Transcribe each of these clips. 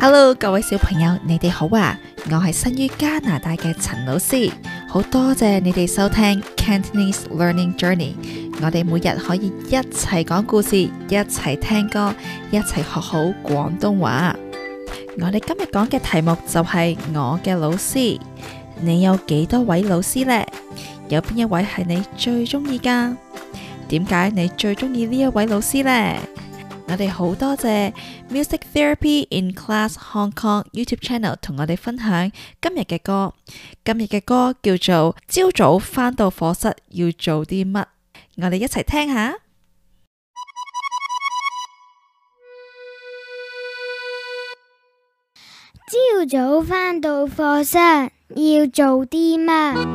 Hello，各位小朋友，你哋好啊！我係生於加拿大嘅陳老師，好多謝你哋收聽 Cantonese Learning Journey。我哋每日可以一齊講故事，一齊聽歌，一齊學好廣東話。 我哋今日講嘅題目就係我嘅老師。你有幾多位老師呢？有邊一位係你最中意噶？點解你最中意呢一位老師呢？我哋好多謝 Music Therapy in Class Hong Kong YouTube Channel 同我哋分享今日嘅歌。今日嘅歌叫做《朝早返到課室要做啲乜》。我哋一齊聽下。朝早返到課室要做啲乜？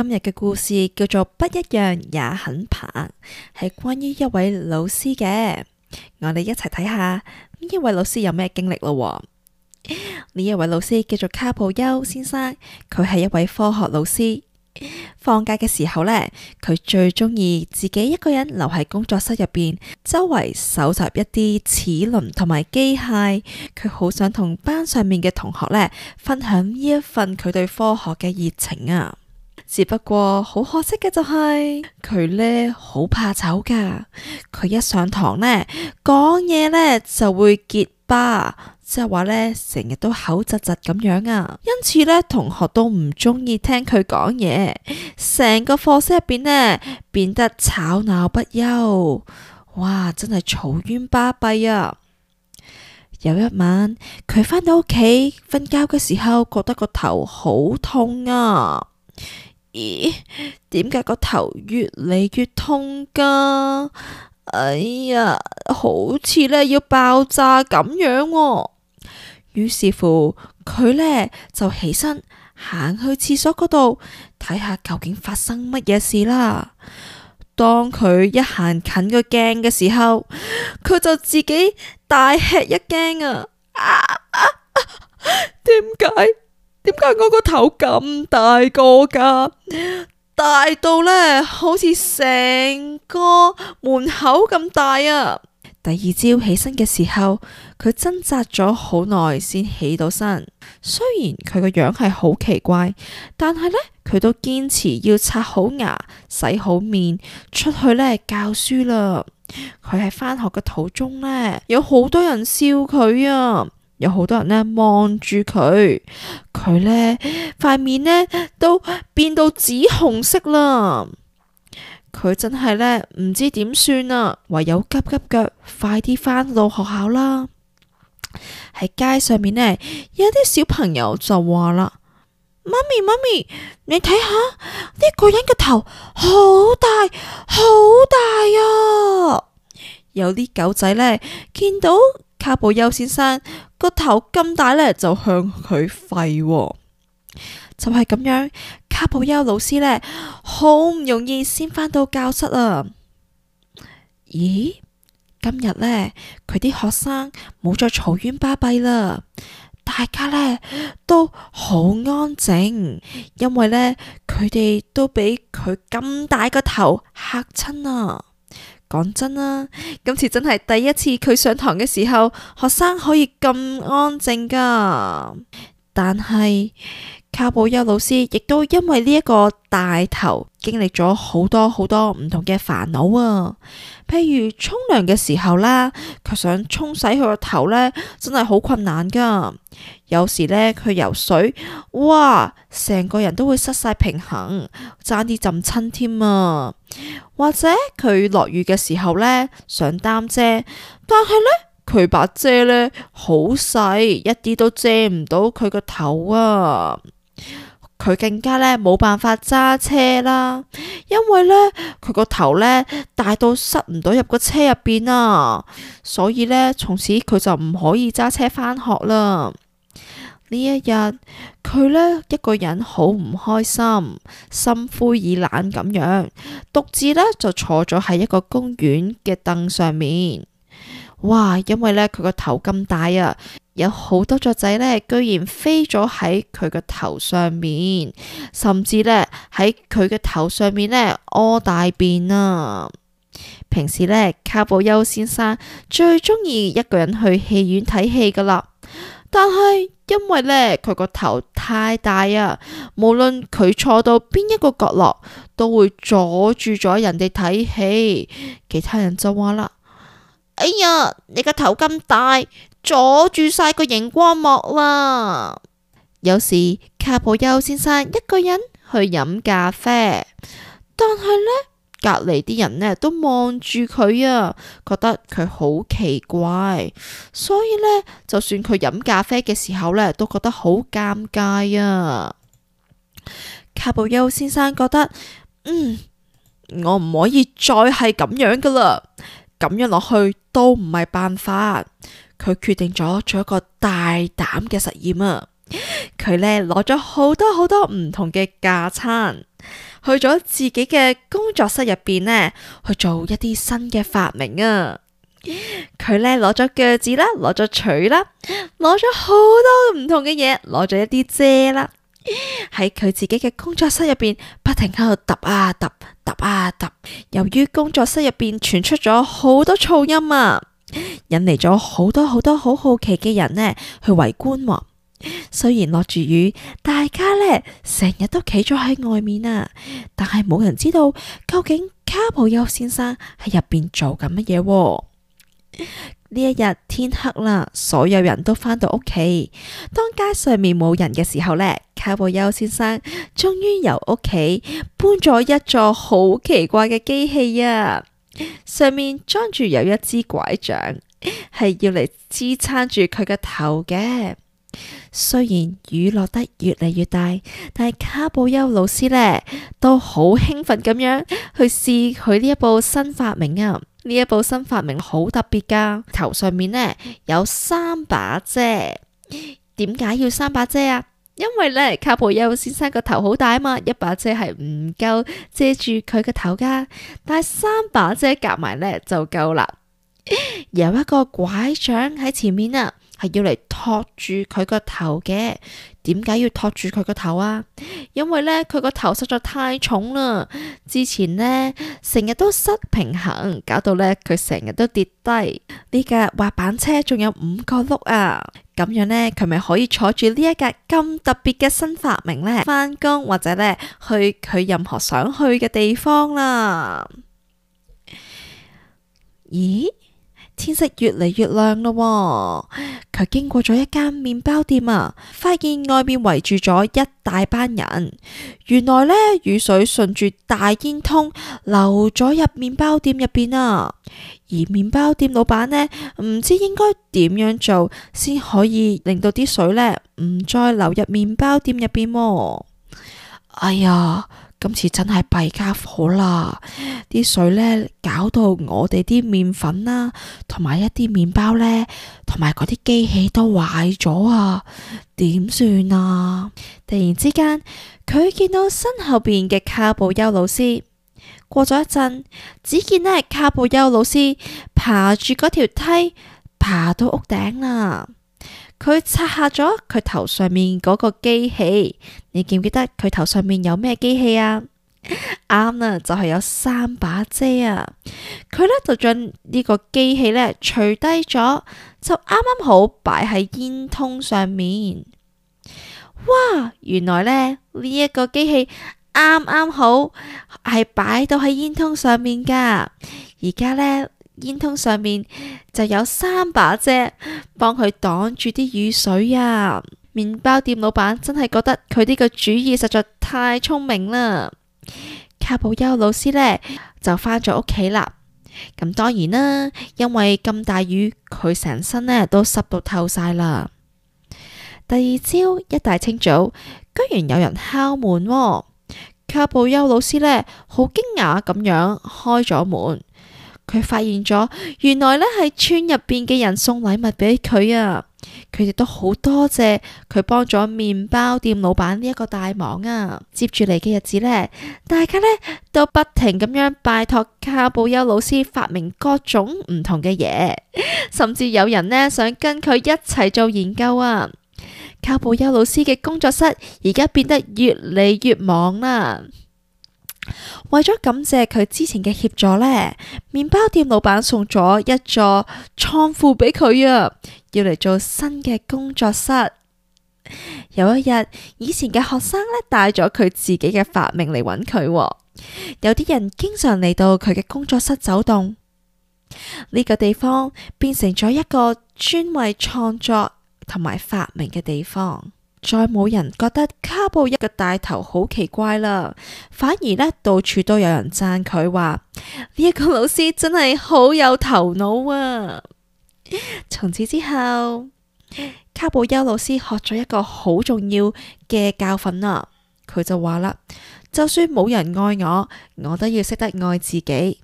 今日嘅故事叫做《不一樣也很棒》，係關於一位老師嘅。我哋一齊睇下呢位老師有咩經歷咯。呢一位老師叫做卡普優先生，佢係一位科學老師。放假嘅時候呢，佢最中意自己一個人留喺工作室入邊，周圍搜集一啲齒輪同埋機械。佢好想同班上面嘅同學呢分享呢一份佢對科學嘅熱情啊！只不過好可惜嘅就係、是、佢呢好怕醜噶，佢一上堂呢，講嘢呢就會結巴，即係話呢成日都口窒窒咁樣啊，因此呢，同學都唔中意聽佢講嘢，成個課室入邊呢變得吵鬧不休，哇真係嘈冤巴閉啊！有一晚佢返到屋企瞓覺嘅時候，覺得個頭好痛啊！咦？點解個頭越嚟越痛噶？哎呀，好似呢要爆炸咁樣，哦。於是乎，佢呢就起身行去廁所嗰度睇下究竟發生乜嘢事啦。當佢一行近個鏡嘅時候，佢就自己大吃一驚啊！啊，點解？啊啊點解我個頭咁大個噶？大到呢，好似成個門口咁大啊！第二朝起身嘅時候，佢掙扎咗好耐先起到身。雖然佢個樣係好奇怪，但係呢，佢都堅持要刷好牙，洗好面，出去呢教書啦。佢喺返學嘅途中呢，有好多人笑佢啊！有好多人呢望住佢，佢呢塊面呢都變到紫紅色啦。佢真係呢唔知點算啊，唯有急急腳快啲返到學校啦。喺街上面呢，有啲小朋友就話啦：媽咪媽咪，你睇下呢個人嘅頭好大好大啊！有啲狗仔呢見到。卡普優先生個頭咁大呢，就向佢吠，就係咁樣。卡普優老師呢，好唔容易先翻到教室啊！咦，今日呢，佢啲學生冇再嘈冤巴閉啦，大家呢，都好安靜，因為呢，佢哋都俾佢咁大個頭嚇親啊！講真啦，今次真係第一次佢上堂嘅時候，學生可以咁安靜㗎。但係。卡布優老師亦都因為呢一個大頭經歷咗好多好多唔同嘅煩惱啊，譬如沖涼嘅時候啦，佢想沖洗佢個頭呢，真係好困難噶。有時呢，佢游水，哇，成個人都會失晒平衡，差啲浸親添啊。或者佢落雨嘅時候呢，想擔遮，但係呢，佢把遮呢，好細，一啲都遮唔到佢個頭啊。佢更加呢冇辦法揸車啦，因為呢，佢個頭呢大到塞唔到入個車入邊啊，所以呢，從此佢就唔可以揸車返學啦。呢一日佢呢一個人好唔開心，心灰意冷咁樣，獨自呢就坐咗喺一個公園嘅凳上面。哇，因為呢，佢個頭咁大啊，有好多雀仔呢，居然飛咗喺佢個頭上面，甚至呢，喺佢個頭上面呢，屙大便啊！平時呢，卡布悠先生最中意一個人去戲院睇戲噶啦，但係因為呢，佢個頭太大啊，無論佢坐到邊一個角落，都會阻住咗人哋睇戲，其他人就話啦。哎呀，你個頭咁大，阻住晒個熒光幕啦！有時卡普優先生一個人去飲咖啡，但係呢，隔籬啲人呢都望住佢啊，覺得佢好奇怪，所以呢，就算佢飲咖啡嘅時候呢，都覺得好尷尬啊！卡普優先生覺得，嗯，我唔可以再係咁樣噶啦。咁樣落去都唔係辦法，佢決定咗做一個大膽嘅實驗啊！佢呢攞咗好多好多唔同嘅架撐，去咗自己嘅工作室入邊呢去做一啲新嘅發明啊！佢呢攞咗鋸子啦，攞咗錘啦，攞咗好多唔同嘅嘢，攞咗一啲遮啦，喺佢自己嘅工作室入邊不停喺度揼啊揼。踏啊、踏，由於工作室入邊傳出咗好多噪音啊，引嚟咗好多好多好好奇嘅人呢去圍觀。雖然落住雨，大家呢成日都企咗喺外面啊，但係冇人知道究竟卡布悠先生喺入邊做緊乜嘢。呢一日天黑啦，所有人都翻到屋企。當街上面冇人嘅時候呢？卡布丘先生終於由屋企搬咗一座好奇怪嘅機器啊！上面裝住有一支拐杖，係要嚟,支撐住佢嘅頭嘅。雖然雨落得越嚟越大，但係卡布丘老師呢都好興奮咁樣去試佢呢一部新發明啊！呢一部新發明好特別噶，頭上面呢有三把遮，點解要三把遮啊？因為呢，卡普耶先生個頭好大啊嘛，一把遮係唔夠遮住佢個頭噶，但係三把遮夾埋呢就夠啦， 有一個拐杖喺前面啊。係要嚟托住佢個頭嘅，點解要托住佢個頭啊？因為呢，佢個頭實在太重啦，之前呢，成日都失平衡，搞到呢，佢成日都跌低。呢架滑板車仲有五個碌啊，咁樣呢，佢咪可以坐住呢一架咁特別嘅新發明呢，返工或者呢，去佢任何想去嘅地方啦。咦？天色越嚟越亮咯，佢經過咗一間麵包店啊，發現外面圍住咗一大班人。原來呢，雨水順住大煙通流咗入麵包店入邊啊，而麵包店老闆呢，唔知應該點樣做先可以令到啲水呢唔再流入麵包店入邊。哎呀！今次真係弊家伙啦！啲水呢搞到我哋啲麵粉啦，同埋一啲麵包呢，同埋嗰啲機器都壞咗啊！點算啊？突然之間，佢見到身後邊嘅卡布丘老師。過咗一陣，只見呢卡布丘老師爬住嗰條梯，爬到屋頂啦。佢拆下咗佢頭上面嗰個機器，你記唔記得佢頭上面有咩機器啊？啱 啦，就係、是、有三把遮啊！佢呢就將呢個機器呢除低咗，就啱啱好擺喺煙通上面。哇！原來呢，呢、這、一個機器啱啱好係擺到喺煙通上面㗎，而家呢。煙囪上面就有三把遮，幫佢擋住啲雨水啊！麵包店老闆真係覺得佢呢個主意實在太聰明啦。卡布優老師呢，就返咗屋企啦，咁當然啦，因為咁大雨，佢成身呢都濕到透晒啦。第二朝一大清早，居然有人敲門喔、啊！卡布優老師呢，好驚訝咁樣開咗門。佢發現咗，原來呢係村入邊嘅人送禮物俾佢啊！佢哋都好多謝佢幫咗麵包店老闆呢一個大忙啊！接住嚟嘅日子呢，大家呢都不停咁樣拜託卡布丘老師發明各種唔同嘅嘢，甚至有人呢想跟佢一齊做研究啊！卡布丘老師嘅工作室而家變得越嚟越忙啦～為咗感謝佢之前嘅協助呢，麵包店老闆送咗一座倉庫俾佢啊，要嚟做新嘅工作室。有一日，以前嘅學生咧帶咗佢自己嘅發明嚟揾佢，有啲人經常嚟到佢嘅工作室走動，呢、呢個地方變成咗一個專為創作同埋發明嘅地方。再冇人覺得卡布一嘅大頭好奇怪啦，反而呢，到處都有人讚佢話呢個老師真係好有頭腦啊！從 此之後，卡布一老師學咗一個好重要嘅教訓啊。佢就話啦：就算冇人愛我，我都要識得愛自己。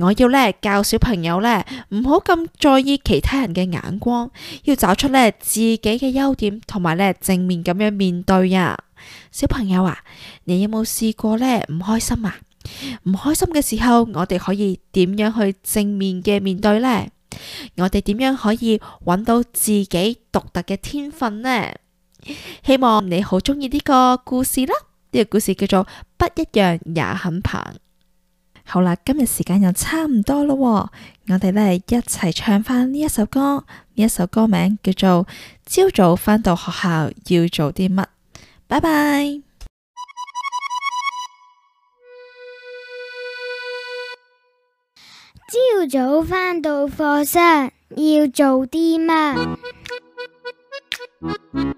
我要呢教小朋友呢，唔好咁在意其他人嘅眼光，要找出呢自己嘅優點，同埋呢正面咁樣面對啊！小朋友啊，你有冇試過呢唔開心啊？唔開心嘅時候，我哋可以點樣去正面嘅面對呢？我哋點樣可以揾到自己獨特嘅天分呢？希望你好中意呢個故事啦！呢個故事叫做《不一樣也很棒》。好啦，今日時間又差唔多咯，我哋咧一齊唱返呢一首歌，呢一首歌名叫做《朝早返到學校要做啲乜》，拜拜。朝早返到課室要做啲乜？